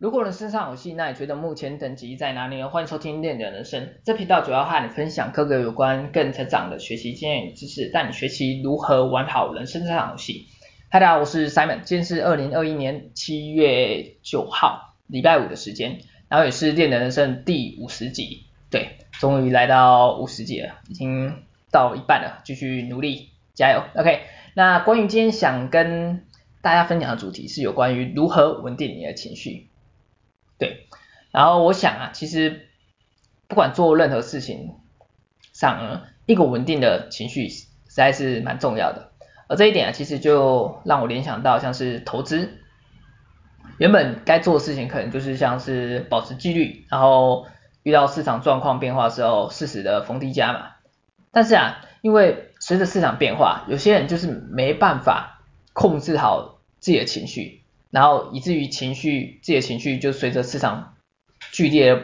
如果人生上有戲，那你覺得目前等級在哪裡呢？歡迎收聽《練的人生》這頻道，主要和你分享各個有關個人成長的學習經驗與知識，帶你學習如何玩好人生這場遊戲。嗨，大家好，我是 Simon，今天是二零二一年七月九號，禮拜五的時間，然後也是《練的人生》第五十集，對，終於來到五十集了，已經到一半了，繼續努力，加油，OK。那關於今天想跟大家分享的主題是有關於如何穩定你的情緒。對，然後我想啊，其實不管做任何事情，想一個穩定的情緒實在是蠻重要的。而這一點啊，其實就讓我聯想到像是投資，原本該做的事情可能就是像是保持紀律，然後遇到市場狀況變化之後適時的逢低加碼。但是啊，因為隨着市場變化，有些人就是沒辦法控制好自己的情緒。然後以至於情緒，自己的情緒就隨着市場劇烈的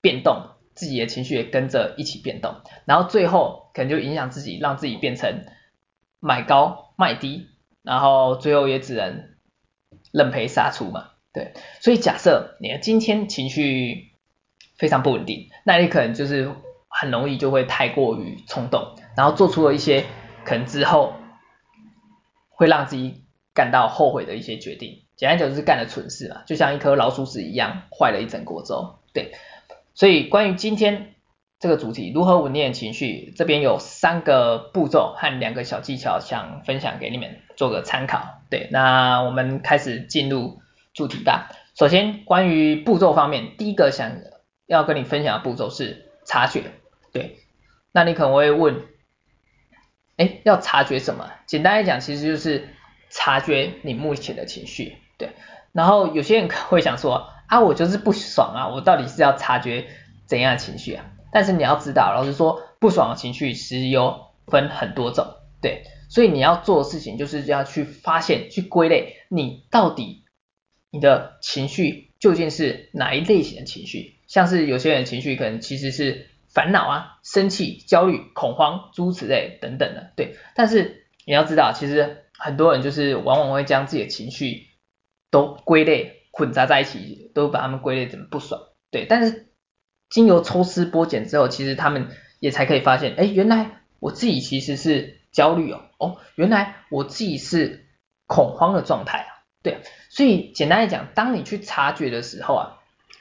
變動，自己的情緒也跟着一起變動，然後最後可能就影響自己，讓自己變成買高賣低，然後最後也只能認賠殺出嘛。對，所以假設你今天情緒非常不穩定，那你可能就是很容易就會太過於衝動，然後做出了一些可能之後會讓自己感到後悔的一些決定。簡單講就是幹了蠢事啊，就像一顆老鼠屎一樣壞了一整鍋粥。對，所以關於今天這個主題如何穩定情緒，這邊有三個步驟和兩個小技巧，想分享給你們做個參考。對，那我們開始進入主題吧。首先關於步驟方面，第一個想要跟你分享的步驟是察覺。對，那你可能會問，誒，欸，要察覺什麼？簡單來講，其實就是察覺你目前的情緒。對，然後有些人會想說啊，我就是不爽啊，我到底是要察覺怎樣的情緒啊？但是你要知道，老實說不爽的情緒其實有分很多種，對，所以你要做的事情就是要去發現、去歸類，你到底你的情緒究竟是哪一類型的情緒？像是有些人的情緒可能其實是煩惱啊、生氣、焦慮、恐慌諸如此類等等的，對。但是你要知道，其實很多人就是往往會將自己的情緒。都歸類混雜在一起，都把它們歸類怎麼不爽，對。但是經由抽絲剝繭之後，其實他們也才可以發現，哎、欸，原來我自己其實是焦慮哦，哦，原來我自己是恐慌的狀態啊，對。所以簡單來講，當你去察覺的時候啊，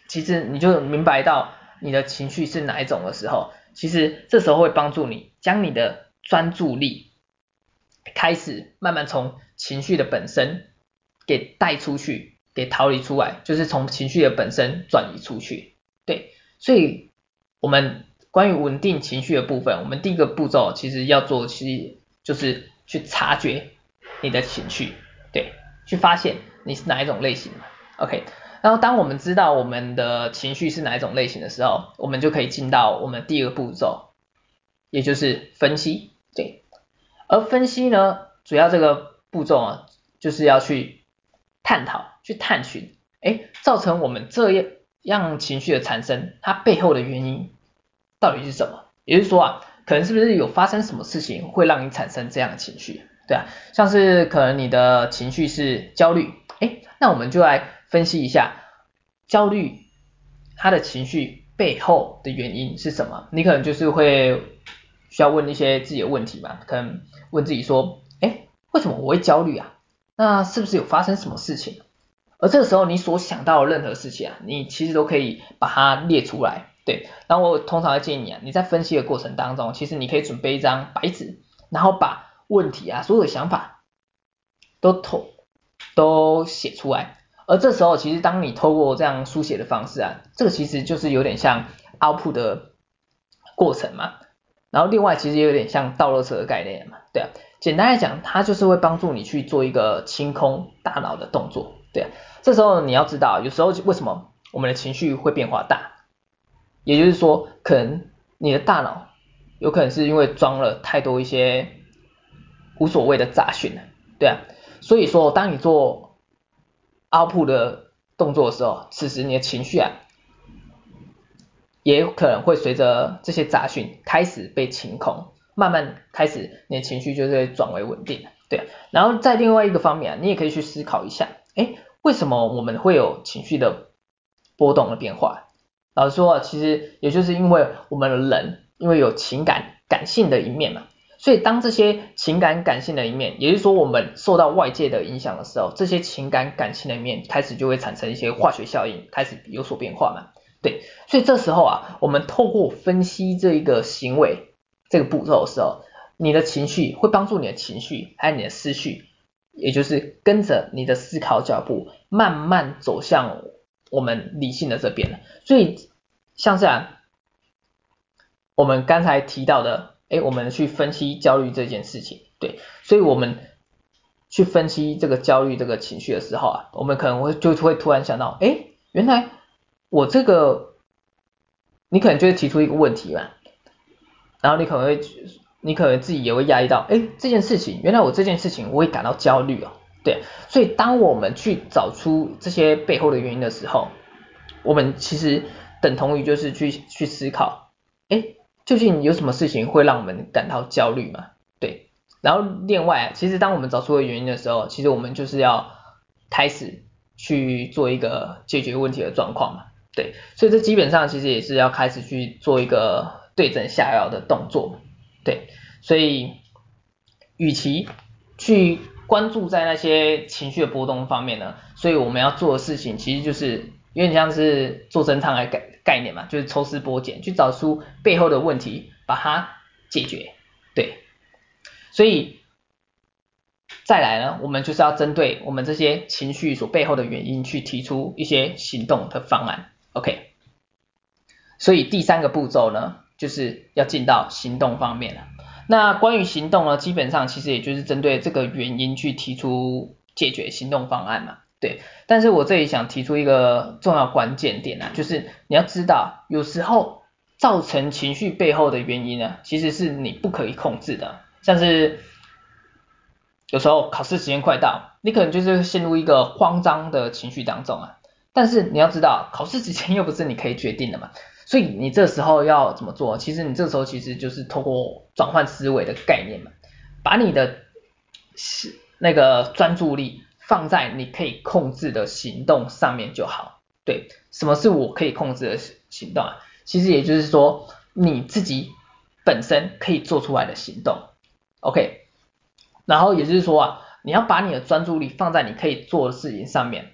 其實你就明白到你的情緒是哪一種的時候，其實這時候會幫助你將你的專注力開始慢慢從情緒的本身。給帶出去，給逃離出來，就是從情緒的本身轉移出去。對，所以我們關於穩定情緒的部分，我們第一個步驟其實要做其，其實就是去察覺你的情緒，對，去發現你是哪一種類型。OK，然後當我們知道我們的情緒是哪一種類型的時候，我們就可以進到我們第二個步驟，也就是分析。對，而分析呢，主要這個步驟啊，就是要去。探討，去探尋，哎，造成我們這樣情緒的產生，它背後的原因到底是什麼？也就是說啊，可能是不是有發生什麼事情會讓你產生這樣的情緒？對啊，像是可能你的情緒是焦慮，哎，那我們就來分析一下焦慮它的情緒背後的原因是什麼？你可能就是會需要問一些自己的問題嘛，可能問自己說，哎，為什麼我會焦慮啊？那是不是有發生什麼事情？而這個時候你所想到的任何事情啊，你其實都可以把它列出來。對，然後我通常會建議你啊，你在分析的過程當中，其實你可以準備一張白紙，然後把問題啊，所有的想法都透都寫出來。而這時候其實當你透過這樣書寫的方式啊，這個其實就是有點像 output 的過程嘛。然後另外其實也有點像倒漏斗的概念嘛，對啊。簡單來講，它就是會幫助你去做一個清空大腦的動作，對啊。這時候你要知道，有時候為什麼我們的情緒會變化大，也就是說，可能你的大腦有可能是因為裝了太多一些無所謂的雜訊了，對啊。所以說，當你做 output 的動作的時候，此時你的情緒啊，也可能會隨着這些雜訊開始被清空。慢慢開始，你的情緒就會轉為穩定，對啊。然後在另外一個方面啊，你也可以去思考一下，哎，為什麼我們會有情緒的波動的變化？老實說啊，其實也就是因為我們的人因為有情感感性的一面嘛，所以當這些情感感性的一面，也就是說我們受到外界的影響的時候，這些情感感性的一面開始就會產生一些化學效應，開始有所變化嘛，對。所以這時候啊，我們透過分析這一個行為，這個步驟的時候，你的情緒會幫助你的情緒，還有你的思緒，也就是跟着你的思考腳步，慢慢走向我們理性的這邊。所以，像這樣。我們剛才提到的，哎，我們去分析焦慮這件事情，對，所以我們去分析這個焦慮這個情緒的時候啊，我們可能會就會突然想到，哎，原來我這個，你可能就會提出一個問題啦。然後你可能會，你可能自己也會壓抑到，誒，這件事情原來我這件事情我會感到焦慮哦。對，所以當我們去找出這些背後的原因的時候，我們其實等同於就是去去思考，誒，究竟有什麼事情會讓我們感到焦慮嘛？對，然後另外，其實當我們找出原因的時候，其實我們就是要開始去做一個解決問題的狀況嘛，對，所以這基本上其實也是要開始去做一個。對症下藥的動作，對，所以，與其去關注在那些情緒的波動方面呢，所以我們要做的事情其實就是有點像是做偵探的概概念嘛，就是抽絲剝繭，去找出背後的問題，把它解決，對，所以再來呢，我們就是要針對我們這些情緒所背後的原因去提出一些行動的方案，OK，所以第三個步驟呢，就是要進到行動方面了。那關於行動呢，基本上其實也就是針對這個原因去提出解決行動方案嘛。對，但是我這裡想提出一個重要關鍵點啊，就是你要知道，有時候造成情緒背後的原因呢，其實是你不可以控制的。像是有時候考試時間快到，你可能就是陷入一個慌張的情緒當中啊。但是你要知道，考試之前又不是你可以決定的嘛。所以你這時候要怎麼做？其實你這時候其實就是通過轉換思維的概念嘛，把你的那個專注力放在你可以控制的行動上面就好。對，什麼是我可以控制的行動啊？其實也就是說你自己本身可以做出來的行動。OK，然後也就是說啊，你要把你的專注力放在你可以做的事情上面。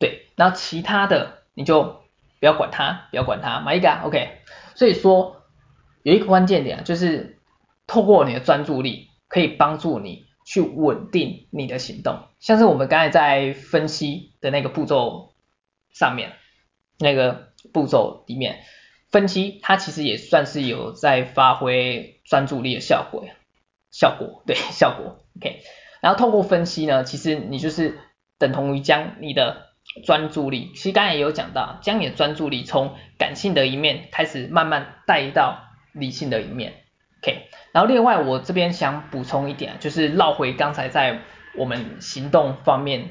對，然後其他的你就。不要管他，不要管他，買一個，OK。所以說，有一個關鍵點啊，就是透過你的專注力，可以幫助你去穩定你的行動。像是我們剛才在分析的那個步驟上面，那個步驟裡面，分析它其實也算是有在發揮專注力的效果，效果，對，效果，OK。然後透過分析呢，其實你就是等同於將你的專注力，其實剛才也有講到，將你的專注力從感性的一面開始慢慢帶到理性的一面，OK。然後另外我這邊想補充一點，就是繞回剛才在我們行動方面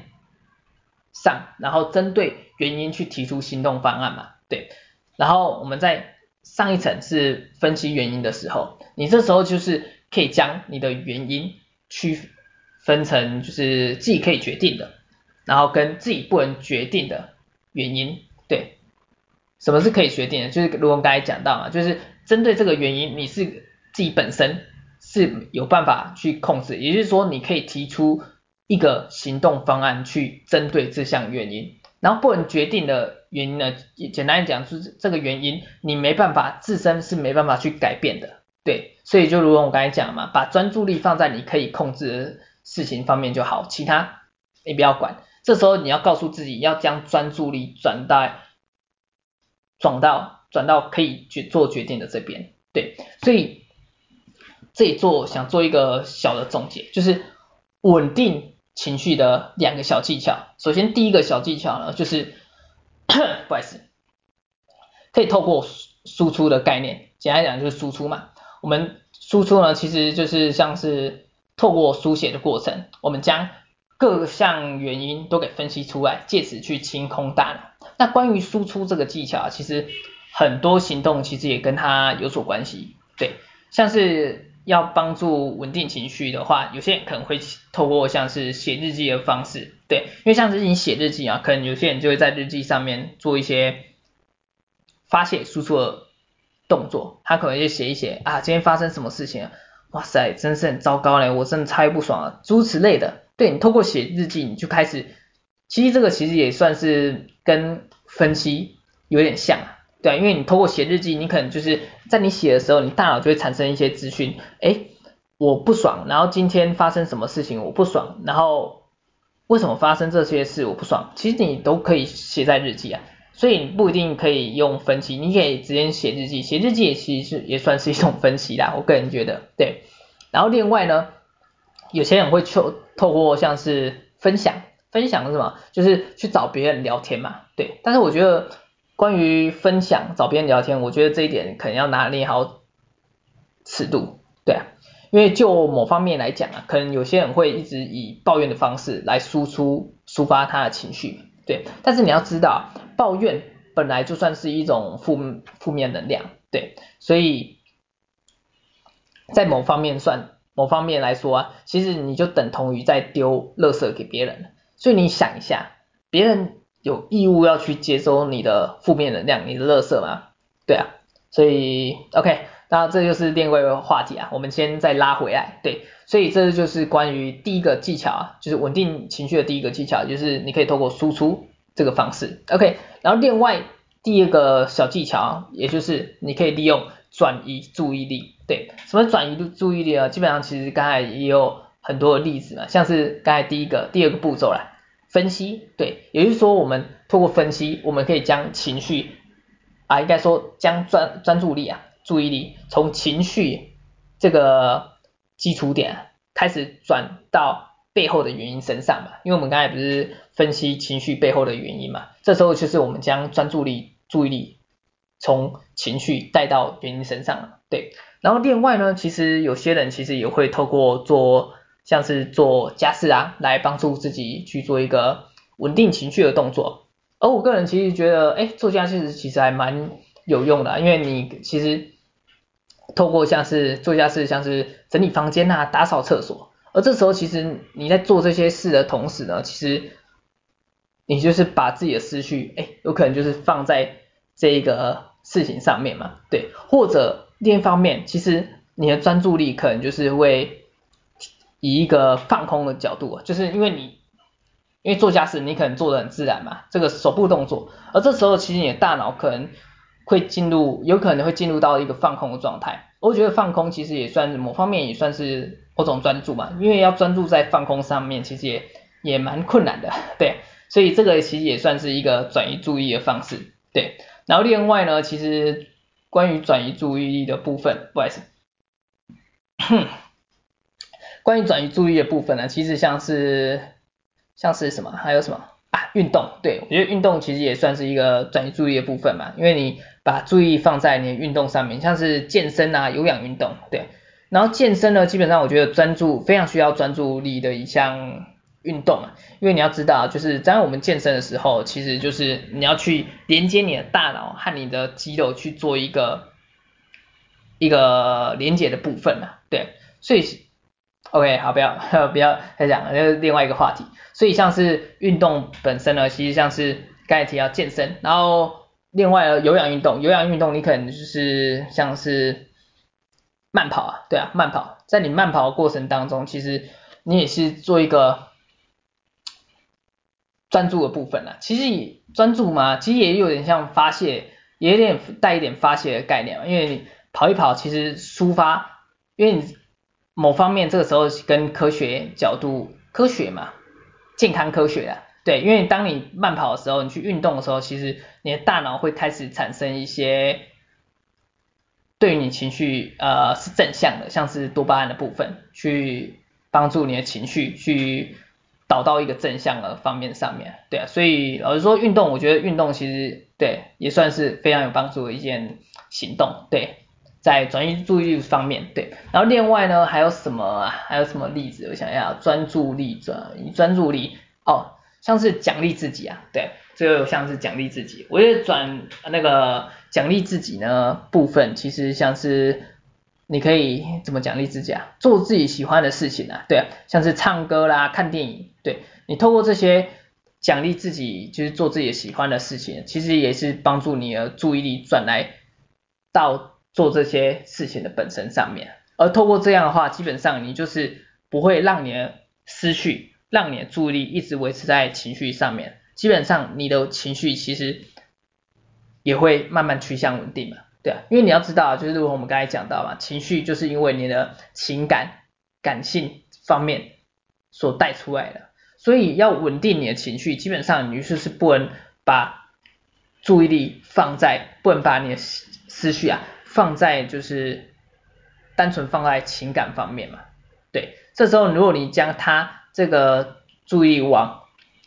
上，然後針對原因去提出行動方案嘛，對。然後我們在上一層是分析原因的時候，你這時候就是可以將你的原因去分成就是自己可以決定的。然後跟自己不能決定的原因，對，什麼是可以決定的？就是如我剛才講到嘛，就是針對這個原因，你是自己本身是有辦法去控制，也就是說你可以提出一個行動方案去針對這項原因。然後不能決定的原因呢，簡單講，就是這個原因你沒辦法，自身是沒辦法去改變的，對。所以就如我剛才講嘛，把專注力放在你可以控制的事情方面就好，其他你不要管。這時候你要告訴自己，要將專注力轉到轉到轉到可以決做決定的這邊，對，所以這裡做想做一個小的總結，就是穩定情緒的兩個小技巧。首先第一個小技巧呢，就是，不好意思，可以透過輸出的概念，簡單講就是輸出嘛。我們輸出呢，其實就是像是透過書寫的過程，我們將。各項原因都給分析出來，借此去清空大腦。那關於輸出這個技巧啊，其實很多行動其實也跟它有所關係。對，像是要幫助穩定情緒的話，有些人可能會透過像是寫日記的方式。對，因為像是你寫日記啊，可能有些人就會在日記上面做一些發洩輸出的動作。他可能就寫一寫，啊，今天發生什麼事情了？哇塞，真是很糟糕嘞！我真的太不爽了，啊，諸如此類的。對，你透過寫日記，你就開始，其實這個其實也算是跟分析有點像啊，對啊，因為你透過寫日記，你可能就是在你寫的時候，你大腦就會產生一些資訊，哎，我不爽，然後今天發生什麼事情我不爽，然後為什麼發生這些事我不爽，其實你都可以寫在日記啊，所以你不一定可以用分析，你可以直接寫日記，寫日記也其實是也算是一種分析啦，我個人覺得，對，然後另外呢。有些人會透透過像是分享，分享是什麼？就是去找別人聊天嘛。對，但是我覺得關於分享、找別人聊天，我覺得這一點可能要拿捏好尺度。對啊，因為就某方面來講啊，可能有些人會一直以抱怨的方式來輸出、抒發他的情緒。對，但是你要知道啊，抱怨本來就算是一種負負面能量。對，所以在某方面算。某方面來說啊，其實你就等同於在丟垃圾給別人。所以你想一下，別人有義務要去接收你的負面能量，你的垃圾嗎？對啊，所以 OK，那這就是另外一個話題啊。我們先再拉回來，對，所以這就是關於第一個技巧啊，就是穩定情緒的第一個技巧，就是你可以透過輸出這個方式，OK。然後另外第二個小技巧啊，也就是你可以利用轉移注意力。對，什麼轉移注意力啊？基本上其實剛才也有很多的例子嘛，像是剛才第一個、第二個步驟啦，分析。對，也就是說，我們透過分析，我們可以將情緒啊，應該說將專專注力啊，注意力從情緒這個基礎點開始轉到背後的原因身上嘛，因為我們剛才不是分析情緒背後的原因嘛，這時候就是我們將專注力、注意力從情緒帶到原因身上了，對。然後另外呢，其實有些人其實也會透過做像是做家事啊，來幫助自己去做一個穩定情緒的動作。而我個人其實覺得，哎，做家事其實還蠻有用的啊，因為你其實透過像是做家事，像是整理房間啊、打掃廁所，而這時候其實你在做這些事的同時呢，其實你就是把自己的思緒，哎，有可能就是放在這一個事情上面嘛，對，或者。另一方面，其實你的專注力可能就是會以一個放空的角度，就是因為你因為做駕駛，你可能做得很自然嘛，這個手部動作，而這時候其實你的大腦可能會進入，有可能會進入到一個放空的狀態。我覺得放空其實也算是某方面也算是某種專注嘛，因為要專注在放空上面，其實也也蠻困難的，對，所以這個其實也算是一個轉移注意的方式，對。然後另外呢，其實。關於轉移注意力的部分，不好意思。 關於轉移注意力的部分呢，其實像是像是什麼？還有什麼啊？運動，對我覺得運動其實也算是一個轉移注意力的部分嘛，因為你把注意力放在你的運動上面，像是健身啊、有氧運動，對。然後健身呢，基本上我覺得專注非常需要專注力的一項。運動啊，因為你要知道，就是在我們健身的時候，其實就是你要去連接你的大腦和你的肌肉去做一個一個連接的部分嘛、啊，對，所以 OK 好，不要不要再講了，這是另外一個話題。所以像是運動本身呢，其實像是剛才提到健身，然後另外有氧運動，有氧運動你可能就是像是慢跑啊，對啊，慢跑，在你慢跑的過程當中，其實你也是做一個。專注的部分呢，其實專注嘛，其實也有點像發洩，也有點帶一點發洩的概念，因為你跑一跑，其實抒發，因為某方面這個時候跟科學角度，科學嘛，健康科學的，對。因為當你慢跑的時候，你去運動的時候，其實你的大腦會開始產生一些對於你情緒呃是正向的，像是多巴胺的部分，去幫助你的情緒去。導到一個正向的方面上面，對啊，所以老實說，運動我覺得運動其實對也算是非常有幫助的一件行動對，在轉移注意力方面對，然後另外呢，還有什麼啊？還有什麼例子？我想要專注力轉移專注力哦，像是獎勵自己啊，對，最後像是獎勵自己，我覺得轉那個獎勵自己呢，部分其實像是。你可以怎麼獎勵自己啊？做自己喜歡的事情啊，對啊，像是唱歌啦、看電影，對你透過這些獎勵自己，就是做自己喜歡的事情，其實也是幫助你的注意力轉來到做這些事情的本身上面。而透過這樣的話，基本上你就是不會讓你的失去，讓你的注意力一直維持在情緒上面，基本上你的情緒其實也會慢慢趨向穩定嘛。對啊，因為你要知道啊，就是如我們剛才講到嘛，情緒就是因為你的情感、感性方面所帶出來的，所以要穩定你的情緒，基本上你就是是不能把注意力放在，不能把你的思緒啊，放在就是單純放在情感方面嘛。對，這時候如果你將他這個注意力往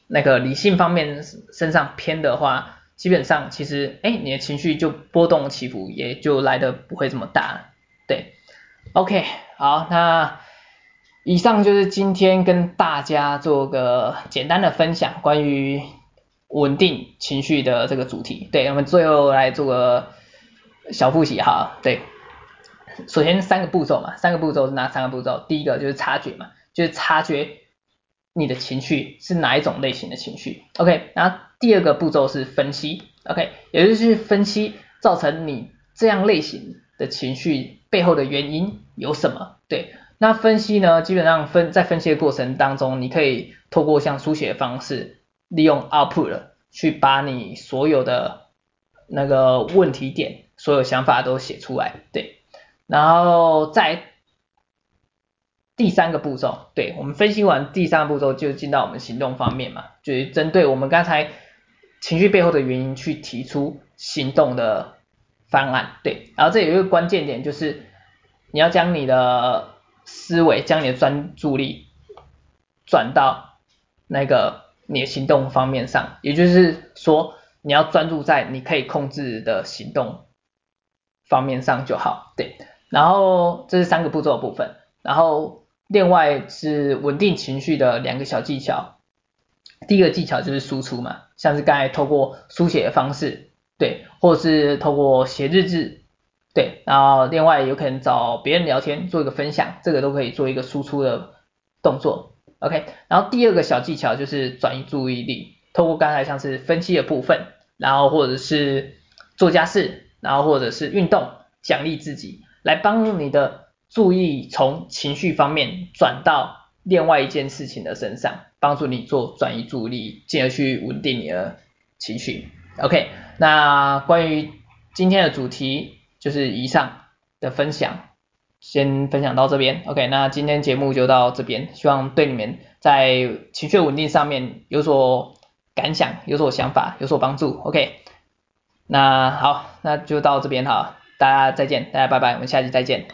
那個理性方面身上偏的話。基本上，其實，哎，你的情緒就波動起伏也就來得不會這麼大了，對。OK，好，那以上就是今天跟大家做個簡單的分享，關於穩定情緒的這個主題。對，我們最後來做個小複習哈，對。首先三個步驟嘛，三個步驟是哪三個步驟？第一個就是察覺嘛，就是察覺。你的情緒是哪一種類型的情緒？OK，那第二個步驟是分析，OK，也就是分析造成你這樣類型的情緒背後的原因有什麼？對，那分析呢，基本上分在分析的過程當中，你可以透過像書寫的方式，利用 output 去把你所有的那個問題點、所有想法都寫出來，對，然後再。第三個步驟，對我們分析完第三個步驟，就是、進到我們行動方面嘛，就是針對我們剛才情緒背後的原因去提出行動的方案。對，然後這有一個關鍵點就是，你要將你的思維、將你的專注力轉到那個你的行動方面上，也就是說，你要專注在你可以控制的行動方面上就好。對，然後這是三個步驟的部分，然後。另外是穩定情緒的兩個小技巧，第一個技巧就是輸出嘛，像是剛才透過書寫的方式，對，或者是透過寫日誌，對，然後另外有可能找別人聊天做一個分享，這個都可以做一個輸出的動作，OK。然後第二個小技巧就是轉移注意力，透過剛才像是分析的部分，然後或者是做家事，然後或者是運動，獎勵自己，來幫助你的。注意從情緒方面轉到另外一件事情的身上，幫助你做轉移注意力，進而去穩定你的情緒。OK，那關於今天的主題就是以上的分享，先分享到這邊。OK，那今天節目就到這邊，希望對你們在情緒穩定上面有所感想、有所想法、有所幫助。OK，那好，那就到這邊哈，大家再見，大家拜拜，我們下期再見。